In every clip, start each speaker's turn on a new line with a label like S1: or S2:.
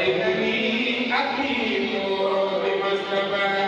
S1: Amen. Amen. Amen. Amen. Amen. Amen.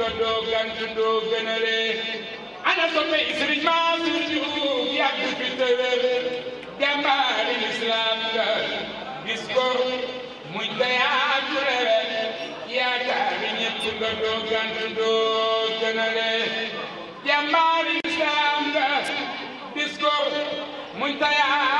S1: nga doo gant doo gënalee ana soppe Sëriñ Mansour Diouf yàgg fi te muy dayaatu rek yaakaari ñëpp nga doo gant doo gënalee jàmbaari lislaam muy dayaatu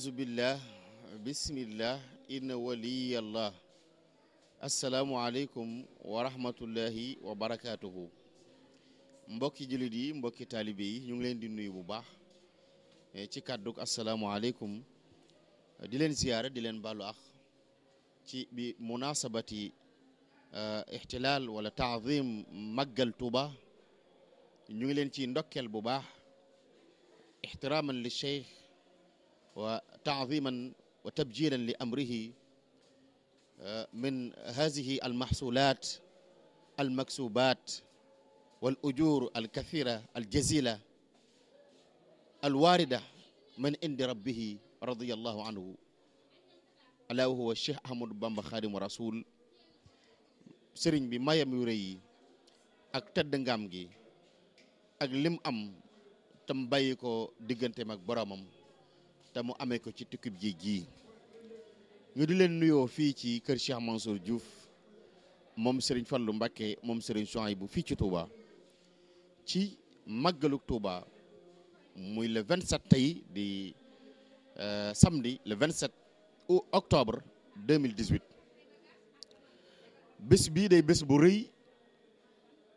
S2: أعوذ بالله بسم الله إن ولي الله السلام عليكم ورحمة الله وبركاته مبكي جلدي مبكي طالبي نجلين دي نوي بباح إيه، تي كادوك السلام عليكم دي لين زيارة دي لين بالو أخ تي بمناسبة آه، احتلال ولا تعظيم مجل توبة نجلين تي ندوكي البباح احتراما للشيخ وتعظيما وتبجيلا لأمره آه، من هذه المحصولات المكسوبات والأجور الكثيرة الجزيلة الواردة من عند ربه رضي الله عنه ألا وهو الشيخ أحمد بن خادم رسول سرين بما mayam yu rëy أغلم أم تمبايكو ديغنتي مكبرامم te mu amee ko ci tukub géej gii ñu di leen nuyoo fii ci keur Cheikh Mansour Diouf mom Serigne Fallou Mbacké mom Serigne Souhaïbou fi ci Touba ci màggalu Touba muy le 27 tey di euh, samedi le 27 octobre 2018 bés bi day bés bu reuy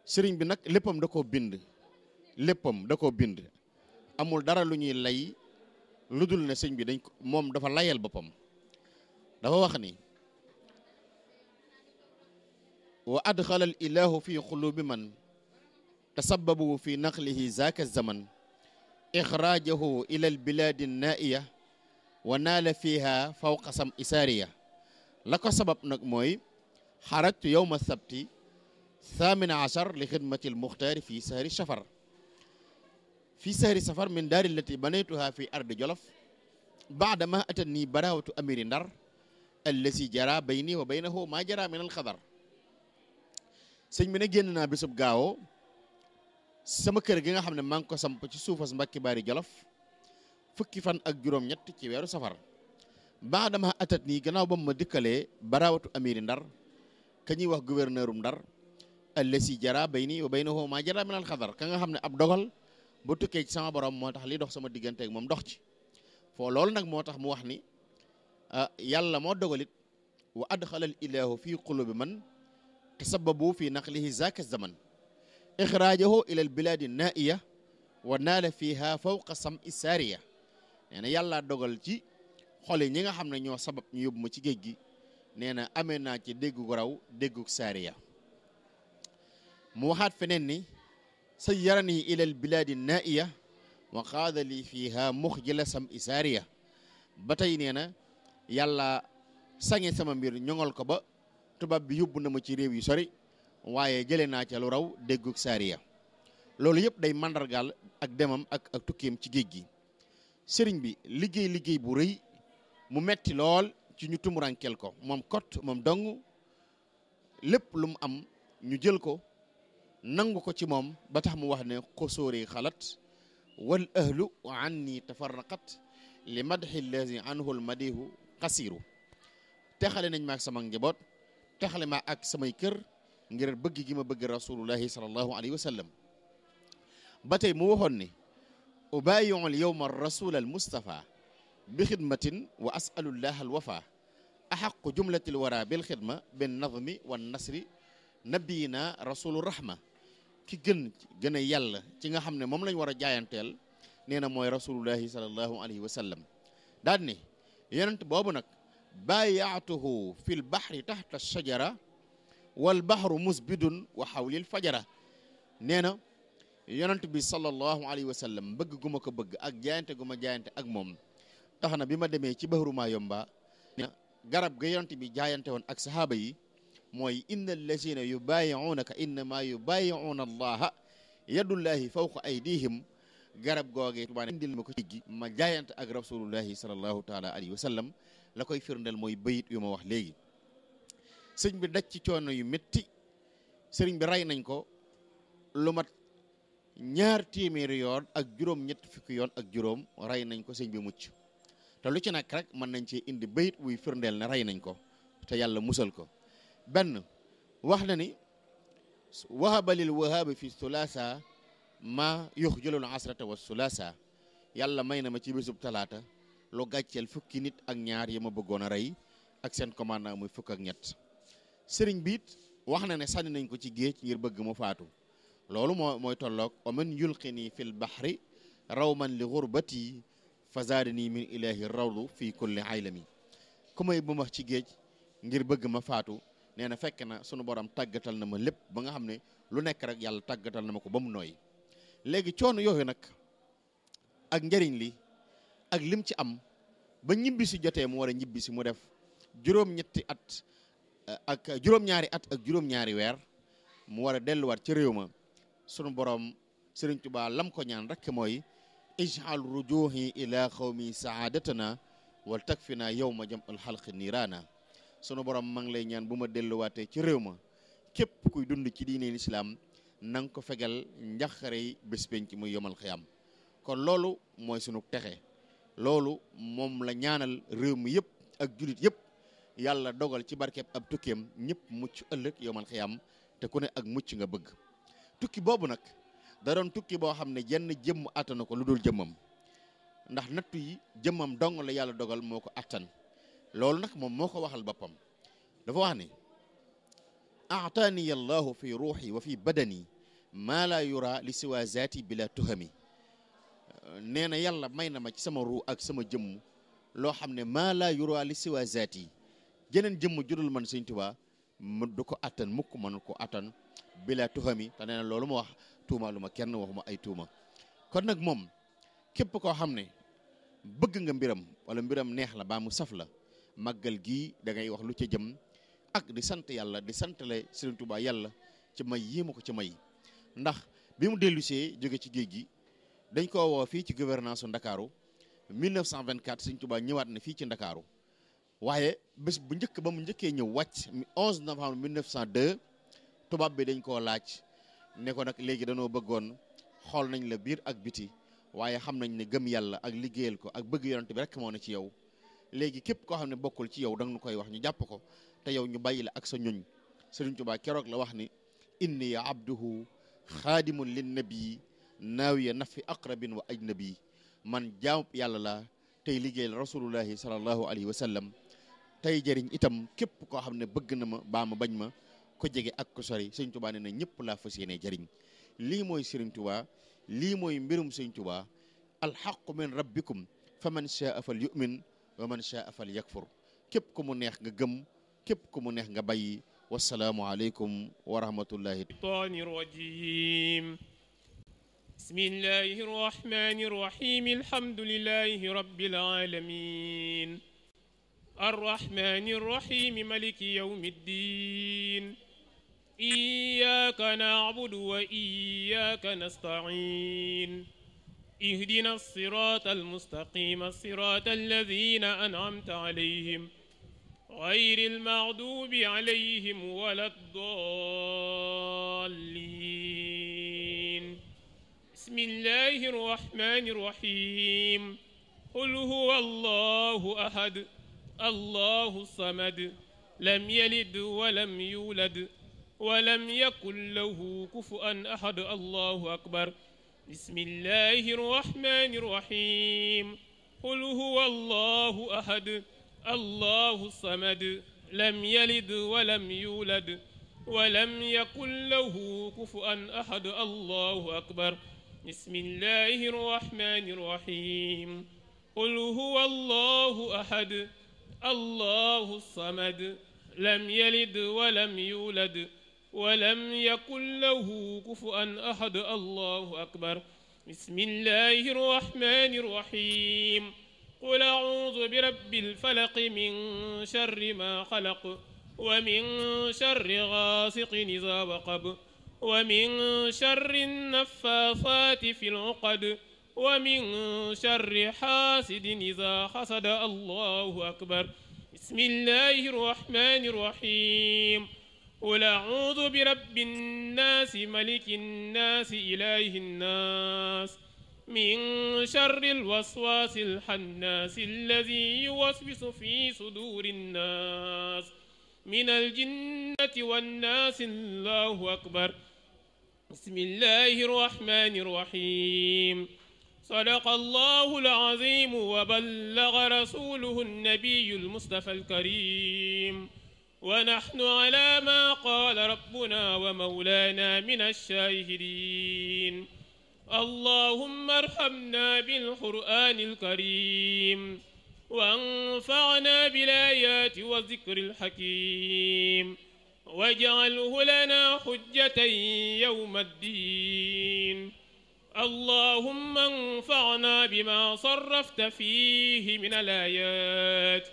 S2: Serigne bi nak leppam dako bind leppam dako bind amul dara lu ñuy lay. ludul ne sëñ bi dañ ko moom dafa layel bopam dafa wax ni wa adkhala al ilahu fi qulubi man tasabbabu fi naqlihi zaaka zaman ikhrajahu ila al bilad bilaadi na'iya wa naala fiha fawqa sam isariya lako sabab nak moy mooy yawm yowma sabti 18 li khidmati al mukhtar fi sahri safar في سهر سفر من دار التي بنيتها في أرض جلف بعدما أتني براءة أمير النار الذي جرى بيني وبينه ما جرى من الخضر sëñ bi ne génn naa bésub gaawo sama kër gi nga xam ne maa ngi ko samp ci suufas mbakki baari jolof fukki fan ak juróom-ñett ci weeru safar baax dama atat nii gannaaw ba ma dikkalee barawatu amiri ndar ka ñuy wax gouverneur um ndar allasi jara bay nii wa bay na hoo maa jara minal xadar ka nga xam ne ab dogal ba tukkee ci sama borom moo tax li dox sama digganteeg moom dox ci foo loolu nag moo mu wax ni yàlla moo dogalit wa adxalal ilaahu fi qulubi man tasababu fi naqlihi zaka zaman ixraajahu ila al bilaadi naiya wa naala fiha fawqa sam'i saariya nee yàlla dogal ci xoli ñi nga xam ne sabab ñu yóbbu ma ci géej gi nee na ci déggu raw déggu saariya mu waxaat feneen ni sayyarani ila albilaadi naiya wa qaada li fiiha muxjila sam isaariya ba tey nee na yàlla sange sama mbir ñoŋol ko ba tubaab bi yóbbu na ma ci réew yu sori waaye jëlee naa ca lu raw déggug saariya loolu yëpp day màndargaal ak demam ak ak ci géej gi sëriñ bi liggéey liggéey bu rëy mu metti lool ci ñu tumurankeel ko moom kot moom dong lépp lu am ñu jël ko nangu ci mom ba tax mu wax ne xosóoree khalat wal ahlu anni tafarraqat li madhi allazi anhu lmadihu te texale nañ ma ak sama njaboot texale ma ak sama keur ngir bëgg gi ma bëgg rasulullah sallallahu alayhi wa sallam mu waxon ne ubayyu al ar rasul al mustafa bi khidmatin wa asalullah al wafa axaqu jumlatil al wara bil khidma bin nadmi wan nasri نبينا رسول rahma ki gën gën a yàlla ci nga xam ne moom lañ war a jaayanteel nee na mooy rasulullahi sallallahu alayhi wa sallam daal ni yonent boobu nag baayaatuhu fi l bahri tahta shajara wal bahru musbidun wa hawlil fajara nee na yonent bi sallallahu alayhi wa sallam bëgg gu ko bëgg ak jaayante guma ma jaayante ak moom tax na bi ma demee ci bahru maa yomba garab ga yonent bi jaayante woon ak sahaaba yi mooy inna allazina yubaayi'uunaka innama yubaayi'uuna allaha yadullahi fawqa aydihim garab googe tubaa indil ma ko ci gi ma jaayant ak rasulullahi sallallahu taala alayhi wa sallam la koy firndeel mooy bayit yu ma wax léegi sëñ bi daj ci coono yu metti sëriñ bi rey nañ ko lu mat ñaar téeméeri yoon ak juróom ñett fukki yoon ak juróom rey nañ ko sëñ bi mucc te lu ci nag rek mën nañ cee indi bayit wuy firndeel na rey nañ ko te yàlla musal ko benn wax na ni wahaba lil wahaabi fi sulaasa ma yux jëlul asrata wa sulaasa yàlla may na ma ci bésub talaata lu gàcceel fukki nit ak ñaar yi ma bëggoon a rey ak seen commandant mooy fukk ak ñett sëriñ biit wax na ne sànni nañ ko ci géej ngir bëgg ma faatu loolu moo mooy tolloog oman yulqini fi l bahri rawman li gurbati fa zaadani min ilahi rawdu fi kulli aylami ku may bu ci géej ngir bëgg ma faatu nee na fekk na sunu borom tàggatal na ma lépp ba nga xam ne lu nekk rek yàlla tàggatal na ma ko ba mu nooy léegi coono yooyu nag ak njariñ li ak lim ci am ba ñibbi si jotee mu war a ñibbi si mu def juróom-ñetti at eh, ak juróom-ñaari at ak juróom-ñaari weer mu war a delluwaat ci réew ma sunu borom Sëriñ Tuubaa lam ko ñaan rek mooy ijal rujuhi ila xawmi saadatana wal takfina yawma jam al xalqi niiraana sunu borom maa lay ñaan bu ma delluwaatee ci réew ma képp kuy dund ci diine lislaam na nga ko fegal njaxare yi bés penc muy yomal xiyam kon loolu mooy sunu texe loolu moom la ñaanal réew mi yëpp ak julit yëpp yàlla dogal ci barkeb ab tukkeem ñëpp mucc ëllëg yomal xiyam te ku ne ak mucc nga bëgg tukki boobu nag da doon tukki boo xam ne jenn jëmm attanu ko lu dul jëmmam ndax nattu yi jëmmam dong la yàlla dogal moo ko attan loolu nag moom moo ko waxal boppam dafa wax ni aataani allahu fi ruuxi wa fi badani maa laa yura li siwa zaati bila tuhami nee na yàlla may na ma ci sama ruu ak sama jëmm loo xam ne maa laa yura li siwa zaati jeneen jëmm judul man Sëñ Tuubaa mu du ko attan mukk man ko attan bila tuhami te nee na loolu ma wax tuuma lu ma kenn waxuma ay tuuma kon nag moom képp koo xam ne bëgg nga mbiram wala mbiram neex la baa mu saf la màggal gii dangay wax lu ca jëm ak di sant yàlla di santale Sëriñ Tuubaa yàlla ci may yéema ko ci may ndax bi mu dellusee jóge ci géej gi dañ ko woo fii ci gouvernance Ndakaaru 1924 Sëriñ Tuubaa ñëwaat na fii ci Ndakaaru waaye bés bu njëkk ba mu njëkkee ñëw wàcc 11 novembre 1902 tubaab bi dañ koo laaj ne ko nag léegi dañoo bëggoon xool nañ la biir ak biti waaye xam nañ ne gëm yàlla ak liggéeyal ko ak bëgg yonent bi rek moo ne ci yow léegi képp ko xamné bokul ci yow dang nu koy wax ñu jàpp ko te yow ñu bayila ak sa ñuñ serigne touba kérok la wax ni inni abduhu khadimun lin nabii naawiya nafi aqrabin wa ajnabi man jaam yàlla la tay liggéeyal rasulullah sallallahu alayhi wa sallam jëriñ itam képp ko xamné bëgg na ma ba ma bañ ma ko jege ak ko sori serigne touba ne na ñëpp la fassiyene jëriñ li moy serigne touba li moy mbirum touba al alxaqu min rabbikum faman shaa fal yu'min ومن شاء فليكفر كبكم نيخ نغا گم كبكم نيخ نغا باي والسلام عليكم ورحمه الله
S3: الرجيم بسم الله الرحمن الرحيم الحمد لله رب العالمين الرحمن الرحيم ملك يوم الدين إياك نعبد وإياك نستعين اهدنا الصراط المستقيم الصراط الذين أنعمت عليهم غير المغضوب عليهم ولا الضالين بسم الله الرحمن الرحيم قل هو الله أحد الله الصمد لم يلد ولم يولد ولم يكن له كفؤا أحد الله أكبر بسم الله الرحمن الرحيم قل هو الله أحد الله الصمد لم يلد ولم يولد ولم يكن له كفؤا أحد الله أكبر بسم الله الرحمن الرحيم قل هو الله أحد الله الصمد لم يلد ولم يولد ولم يقل له كفؤا أحد الله أكبر بسم الله الرحمن الرحيم قل أعوذ برب الفلق من شر ما خلق ومن شر غاسق إذا وقب ومن شر النفاثات في العقد ومن شر حاسد إذا حسد الله أكبر بسم الله الرحمن الرحيم قل أعوذ برب الناس ملك الناس إله الناس من شر الوسواس الحناس الذي يوسوس في صدور الناس من الجنة والناس الله أكبر بسم الله الرحمن الرحيم صدق الله العظيم وبلغ رسوله النبي المصطفى الكريم ونحن على ما قال ربنا ومولانا من الشاهدين اللهم ارحمنا بالقرآن الكريم وانفعنا بالآيات والذكر الحكيم واجعله لنا حجة يوم الدين اللهم انفعنا بما صرفت فيه من الآيات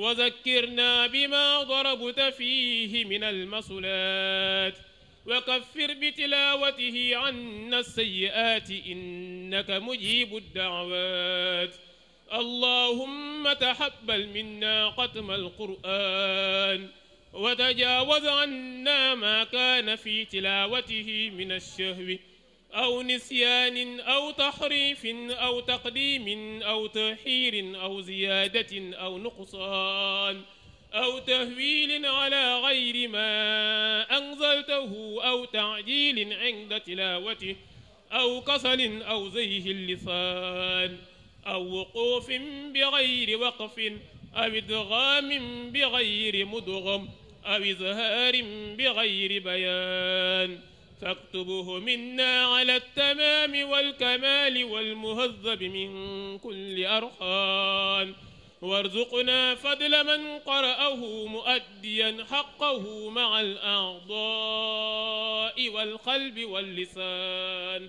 S3: وذكرنا بما ضربت فيه من المصلات وكفر بتلاوته عنا السيئات إنك مجيب الدعوات اللهم تحبل منا قتم القرآن وتجاوز عنا ما كان في تلاوته من الشهو أو نسيان أو تحريف أو تقديم أو تحير أو زيادة أو نقصان أو تهويل على غير ما أنزلته أو تعجيل عند تلاوته أو كسل أو زيه اللسان أو وقوف بغير وقف أو إدغام بغير مدغم أو إظهار بغير بيان فاكتبوه منا على التمام والكمال والمهذب من كل أرحان وارزقنا فضل من قرأه مؤديا حقه مع الأعضاء والقلب واللسان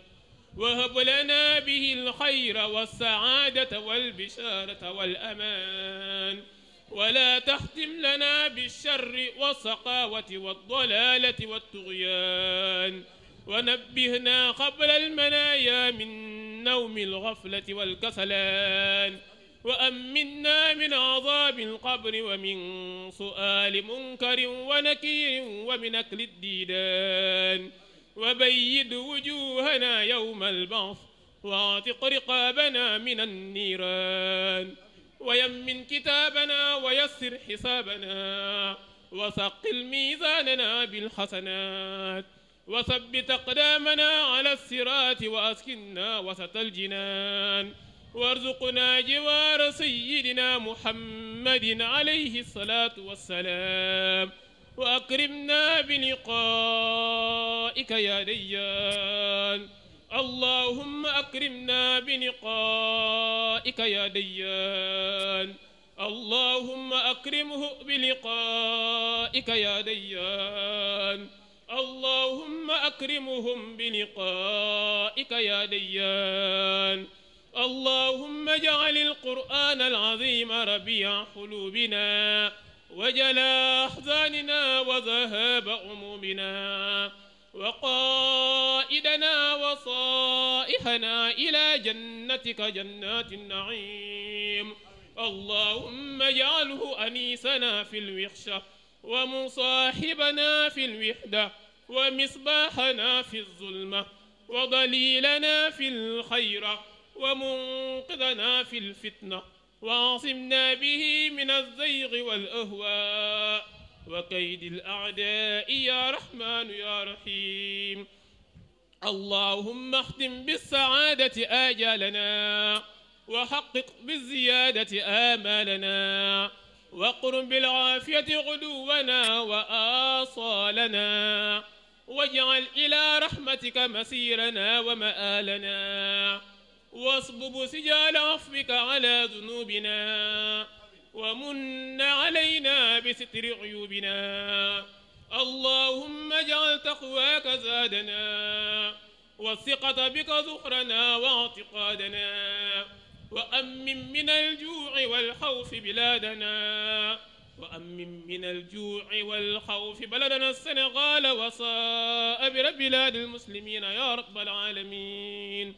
S3: وهب لنا به الخير والسعادة والبشارة والأمان ولا تختم لنا بالشر والسقاوة والضلالة والطغيان ونبهنا قبل المنايا من نوم الغفلة والكسلان وأمنا من عذاب القبر ومن سؤال منكر ونكير ومن أكل الديدان وبيد وجوهنا يوم البعث واعتق رقابنا من النيران ويمن كتابنا ويسر حسابنا وثقل ميزاننا بالحسنات وثبت أقدامنا على الصراط وأسكننا وسط الجنان وارزقنا جوار سيدنا محمد عليه الصلاة والسلام وأكرمنا بلقائك يا ديان اللهم أكرمنا بلقائك يا ديان اللهم أكرمه بلقائك يا ديان اللهم أكرمهم بلقائك يا ديان اللهم اجعل القرآن العظيم ربيع قلوبنا وجلاء أحزاننا وذهاب أمومنا وقائدنا وصائحنا إلى جنتك جنات النعيم اللهم اجعله أنيسنا في الوحشة ومصاحبنا في الوحدة ومصباحنا في الظلمة وضليلنا في الخير ومنقذنا في الفتنة وعصمنا به من الزيغ والأهواء وكيد الأعداء يا رحمن يا رحيم اللهم اختم بالسعادة آجالنا وحقق بالزيادة آمالنا وقرم بالعافية غدونا وآصالنا واجعل إلى رحمتك مسيرنا ومآلنا واصبب سجال عفوك على ذنوبنا ومن علينا بستر عيوبنا اللهم اجعل تقواك زادنا والثقة بك ذخرنا واعتقادنا وأمن من الجوع والخوف بلادنا وأمن من الجوع والخوف بلدنا السنغال وصائر بلاد المسلمين يا رب العالمين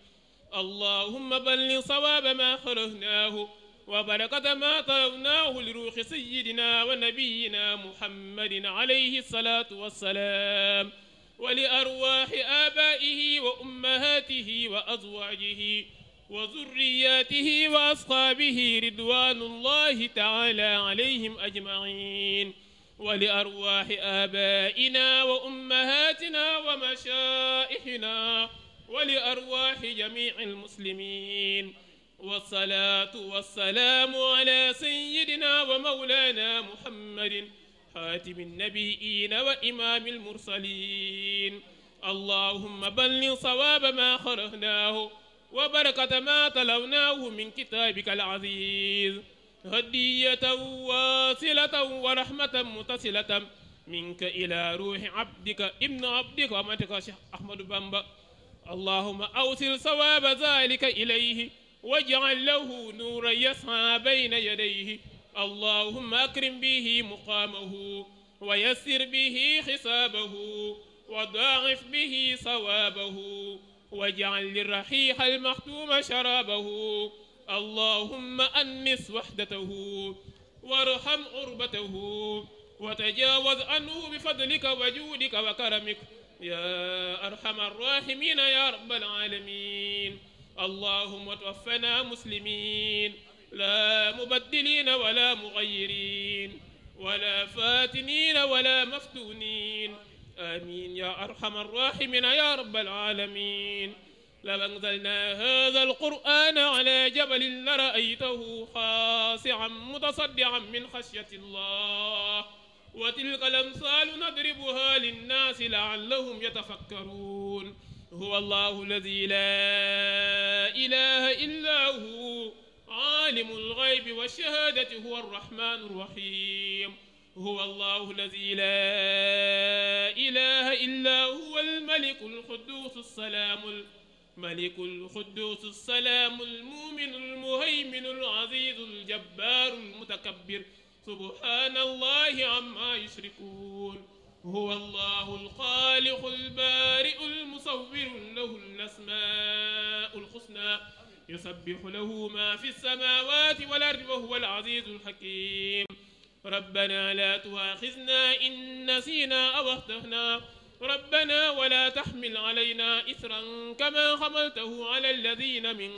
S3: اللهم بلغ صواب ما خرهناه وبركات ما طلبناه لروح سيدنا ونبينا محمد عليه الصلاة والسلام ولأرواح آبائه وأمهاته وأزواجه وذرياته وأصحابه رضوان الله تعالى عليهم أجمعين ولأرواح آبائنا وأمهاتنا ومشائحنا ولأرواح جميع المسلمين والصلاة والسلام على سيدنا ومولانا محمد خاتم النبيين وإمام المرسلين اللهم بلل صواب ما خرهناه وبركة ما تلوناه من كتابك العزيز هدية واصلة ورحمة متصلة منك إلى روح عبدك ابن عبدك ومتك شيخ أحمد بامبا اللهم أوصل صواب ذلك إليه واجعل له نورا يسعى بين يديه اللهم أكرم به مقامه ويسر به حسابه وضاعف به صوابه واجعل للرحيح المختوم شرابه اللهم أنس وحدته وارحم قربته وتجاوز عنه بفضلك وجودك وكرمك يا أرحم الراحمين يا رب العالمين اللهم توفنا مسلمين لا مبدلين ولا مغيرين ولا فاتنين ولا مفتونين آمين يا أرحم الراحمين يا رب العالمين لو أنزلنا هذا القرآن على جبل لرأيته خاصعا متصدعا من خشية الله وتلك الأمثال نضربها للناس لعلهم يتفكرون هو الله الذي لا إله إلا هو عالم الغيب والشهادة هو الرحمن الرحيم هو الله الذي لا إله إلا هو الملك القدوس السلام الملك القدوس السلام المؤمن المهيمن العزيز الجبار المتكبر سبحان الله عما يشركون هو الله الخالق البارئ المصور له الأسماء الحسنى يسبح له ما في السماوات والأرض وهو العزيز الحكيم ربنا لا تؤاخذنا إن نسينا أو أخطأنا ربنا ولا تحمل علينا إثرا كما حملته على الذين من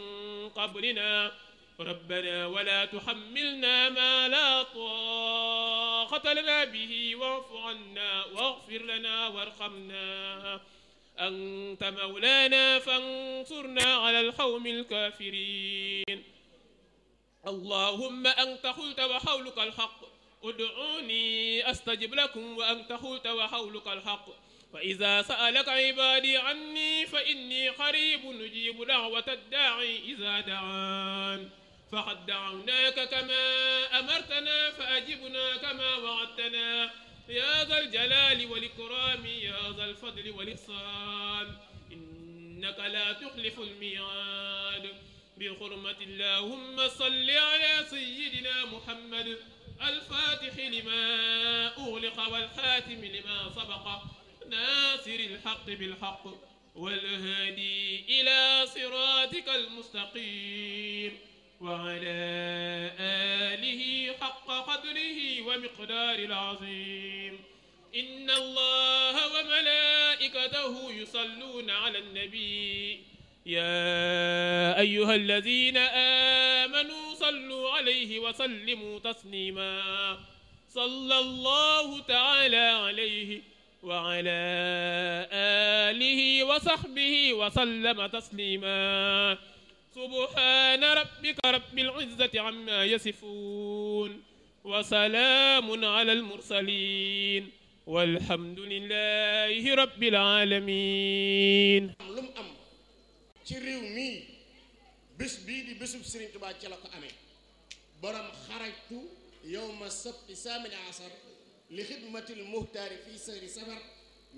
S3: قبلنا ربنا ولا تحملنا ما لا طاقة طاقة لنا به واعف عنا واغفر لنا وارحمنا أنت مولانا فانصرنا على القوم الكافرين اللهم أنت قلت وحولك الحق ادعوني أستجب لكم وأنت قلت وحولك الحق فإذا سألك عبادي عني فإني قريب نجيب دعوة الداعي إذا دعان فقد دعوناك كما أمرتنا فأجبنا كما وعدتنا يا ذا الجلال والإكرام يا ذا الفضل والإحسان إنك لا تخلف الميعاد بحرمة اللهم صل على سيدنا محمد الفاتح لما أغلق والخاتم لما سبق ناصر الحق بالحق والهادي إلى صراطك المستقيم وعلى آله حق قدره ومقدار العظيم إن الله وملائكته يصلون على النبي يا أيها الذين آمنوا صلوا عليه وسلموا تسليما صلى الله تعالى عليه وعلى آله وصحبه وسلم تسليما سبحان ربك رب العزة عما يصفون وسلام على المرسلين والحمد لله رب العالمين لم ام تي ريومي
S2: بس بي دي بسوب سيرن توبا تي لاكو خرجت يوم السبت الثامن عشر لخدمة المختار في سهر سفر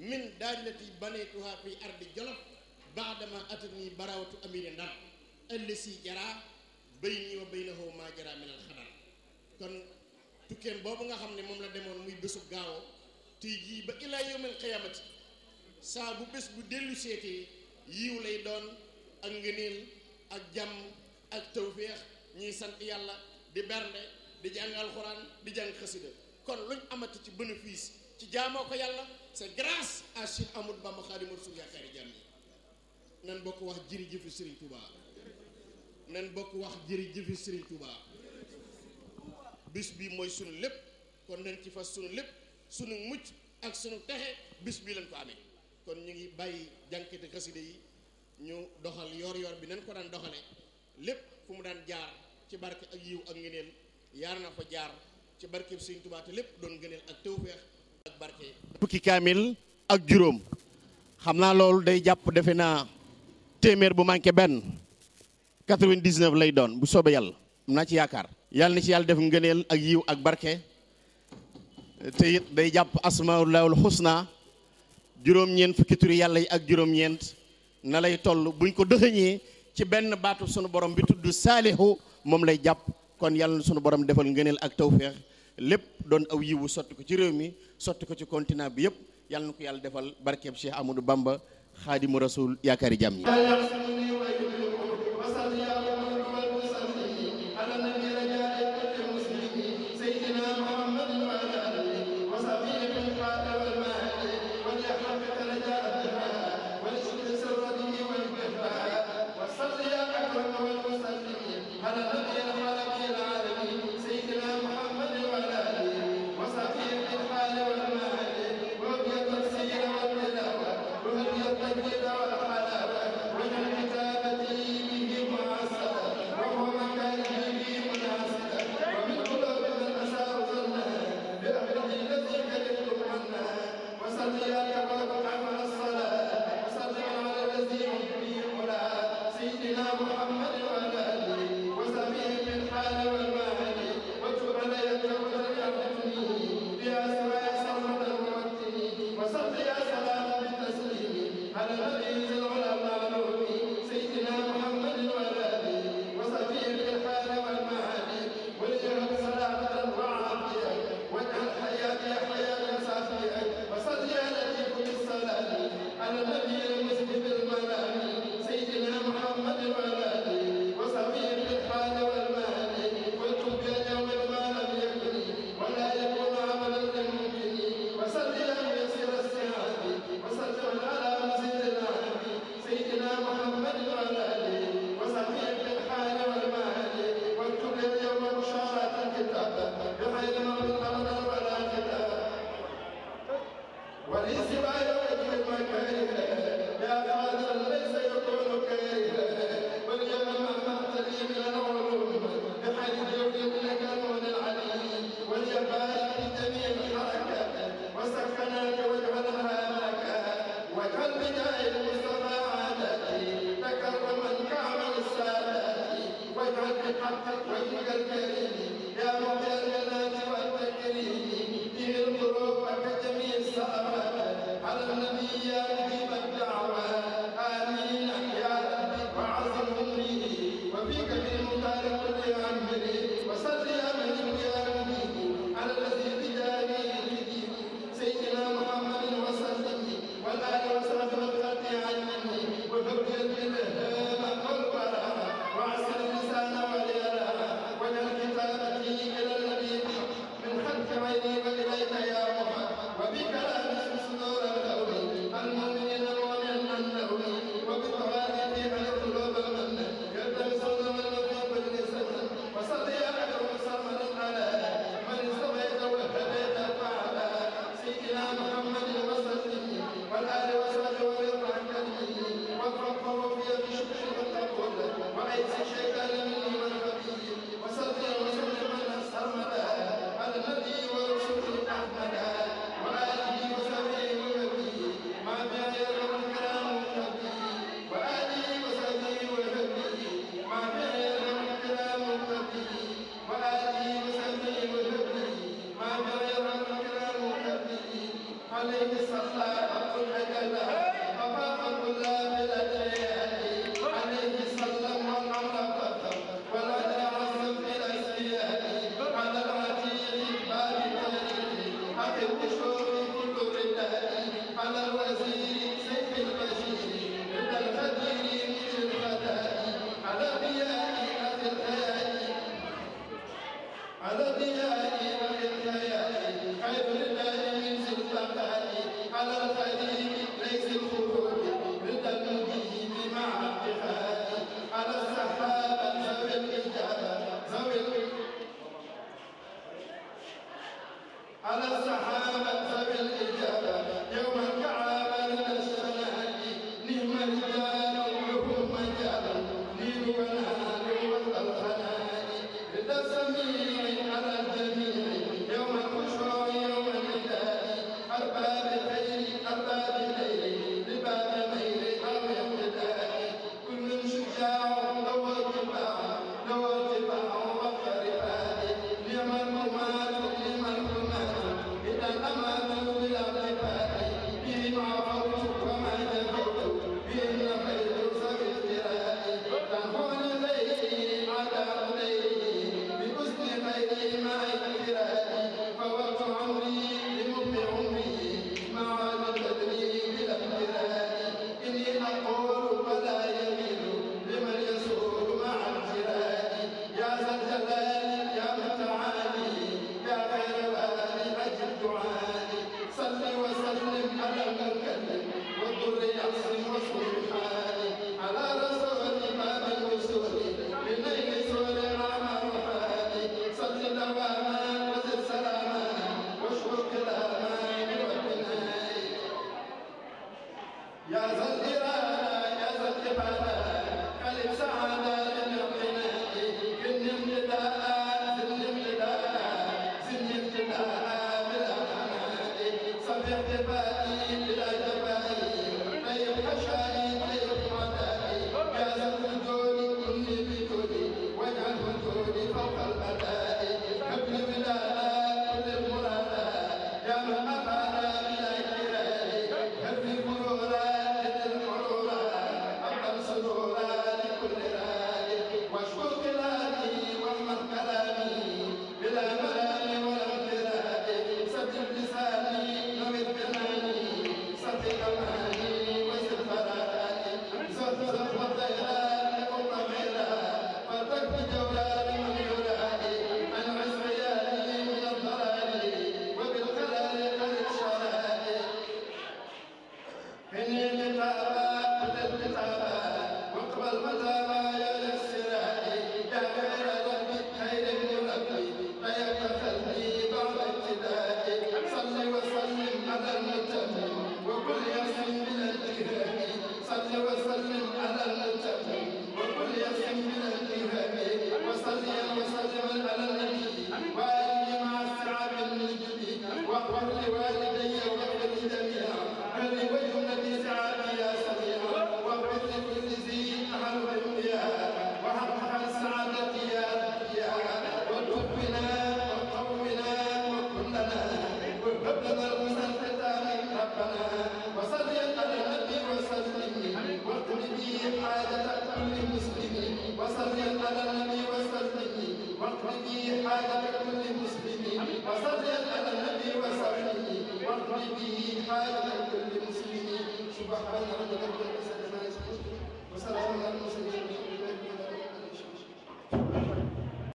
S2: من دارتي بنيتها في ارض جلف بعدما اتني براوت امير النار ëll si jaraa bay nii wa bay na xaw jaraa melal xadar kon tukkeem boobu nga xam ne moom la demoon muy bésu gaawo tey jii ba ilaa yawmal xiyaamati saa bu bés bu dellu seetee yiw lay doon ak ngëneel ak jàmm ak tawféex ñuy sant yàlla di bernde di jàng alxuraan di jàng xasida kon luñ amati ci bénéfice ci jaamoo ko yàlla c'est grâce à Cheikh Amadou Bamba Xaadimu Rasuul yaakaari jàmm nan bokk wax jërëjëfu Serigne Touba nañ bokk wax jëri jëfi serigne Touba bis bi moy sunu lepp kon nañ ci fas sunu lepp sunu mucc ak sunu taxé bis bi lañ ko amé kon ñu ngi bayyi jànkite xaside yi ñu doxal yor yor bi nañ ko daan doxalé lepp fu mu daan jaar ci barke ak yiw ak ngëneel yar na fa jaar ci barkeb serigne Touba te lepp doon ngëneel ak tawfeex ak barke fukki kamil ak juróom xamna naa day japp defena témèr bu manké ben 99 lay doon bu soobee yalla mna ci yakar yalla ni ci yalla def ngeenel ak yiw ak barke te yit day asmaul asmaulahul husna juróom ñeen fukki turi yalla ak juróom-ñeent na lay toll buñ ko dëxëñee ci ben baatu sunu borom bi tuddu salihu mom lay japp kon yalla sunu borom defal ngeenel ak tawfiq lepp doon aw yiwu sotti ko ci rew mi sotti ko ci continent bi yep yalla yalla defal barke Cheikh Amadou Bamba hadi rasul yakari jamni
S4: Rosa